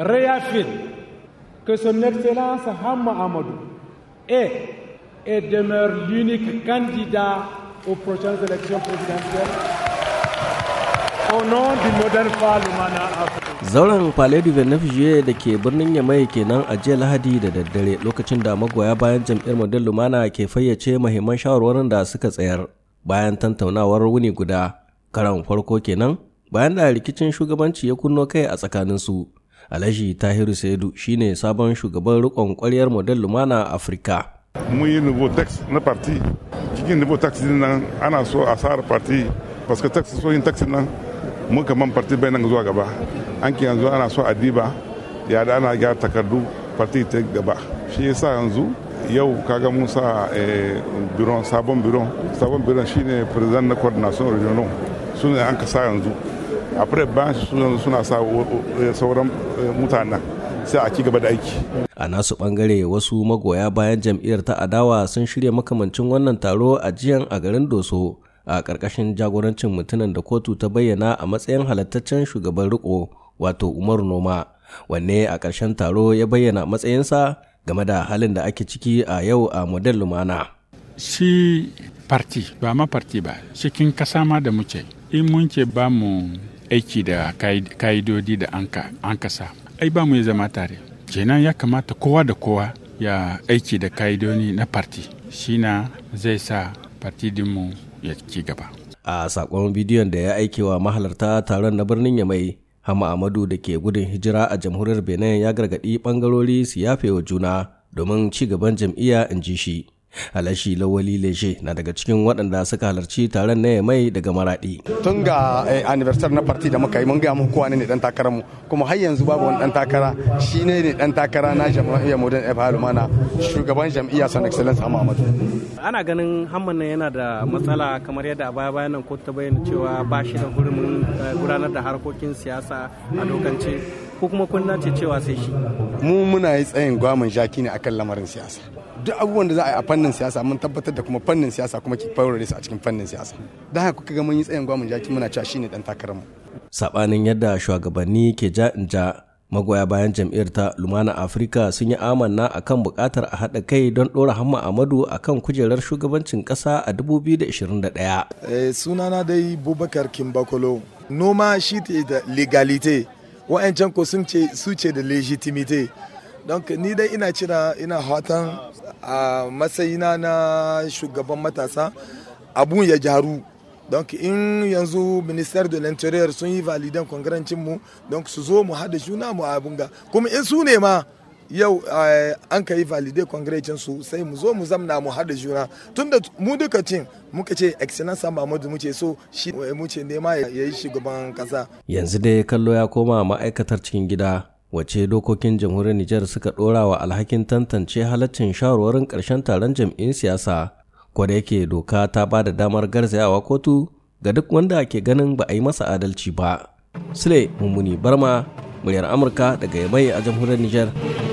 réaffirme que son Excellence Hamma Amadou est et demeure l'unique candidat aux prochaines élections présidentielles au nom du modèle zauren palais du 29 juillet da ke birnin yamai kenan a jiya lahadi da daddare lokacin da magoya bayan jam'iyyar model lumana ke fayyace mahimman shawarwarin da suka tsayar bayan tantaunawar wuni guda karan farko kenan bayan da rikicin shugabanci ya kunno kai a tsakaninsu Alhaji Tahiru Saidu shine sabon shugaban rikon kwaryar model Lumana Afirka. Mun yi nouveau tax na parti, cikin nouveau tax nan ana so a sara parti, parce que tax so yin tax nan mun kaman parti bai nan zuwa gaba. An ki yanzu ana so a diba, ya da ana gyara takardu parti ta gaba. Shi yasa yanzu yau kaga mun sa eh, biron sabon biron sabon biron shine president na coordination regional su ne an ka sa yanzu a ban suna sa e, sauran e, mutanen sai a ci gaba da aiki a nasu bangare wasu magoya bayan jam'iyyar ta adawa sun shirya makamancin wannan taro a jiyan a garin doso a ƙarƙashin jagorancin mutumin da kotu ta bayyana a matsayin halattaccen shugaban riko wato umaru noma wanne a ƙarshen taro ya bayyana matsayinsa game da halin da ake ciki a yau a model lumana shi parti ba ma parti ba cikin kasama da muke in mun ce ba mu aiki da ka'idodi da an kasa ai ba mu ya zama tare kenan ya kamata kowa da kowa ya aiki da ka'idodi na parti shina zai sa parti ya ci gaba a sakon bidiyon da ya aike wa mahalarta taron na birnin yamai hama amadu da ke gudun hijira a jamhuriyar benin ya gargaɗi ɓangarori su yafe wa juna domin ci gaban jam'iyya in ji shi Alashi Lawali Leshe na daga cikin waɗanda suka halarci taron na mai daga maraɗi. Tun ga eh, anniversary na party da muka yi mun gaya mu kowa ne dan takara mu kuma har yanzu babu wani dan takara shi ne ne dan takara na jam'iyyar Modern Efa mana shugaban jam'iyya San Excellence amadu. Ana ganin Hamman nan yana da matsala kamar yadda a baya bayan nan ta bayyana cewa ba shi da hurumin eh, gudanar da harkokin siyasa a dokance ko kuma kun ce cewa sai shi mu muna yi tsayin gwamin jaki ne akan lamarin siyasa duk abubuwan da za a yi a fannin siyasa mun tabbatar da kuma fannin siyasa kuma ki faurare su a cikin fannin siyasa da haka kuka ga mun yi tsayin gwamin jaki muna cewa shine dan mu sabanin yadda shugabanni ke ja in ja magoya bayan jam'iyyar ta lumana afirka sun yi amanna kan bukatar a haɗa kai don ɗora hamma amadu akan kujerar shugabancin ƙasa a 2021 eh, sunana dai bubakar kimbakolo noma shi da legalite wa'ancan ko sun ce da legitimite don ni dai ina cira ina hatan a matsayina na shugaban matasa abu ya jaru don in yanzu minister de l'interior sun yi validen kongarancinmu don su zo mu haɗa juna mu abunga kuma in su ne ma yau eh, an ka yi valide congressin su sai mu zo mu zamna mu hada juna tunda mu duka cin muka ce excellence mu ce so shi muke nema ya yi shugaban kasa yanzu dai kallo ya koma ma'aikatar cikin gida wace dokokin jamhuriyar Nijar suka dora wa alhakin tantance halaccin shawarwarin karshen taron jam'in siyasa ko da yake doka ta ba da damar garzayawa kotu ga duk wanda ke ganin ba a yi masa adalci ba. Sule Mummuni Barma, muryar Amurka daga Yamai a jamhuriyar Nijar.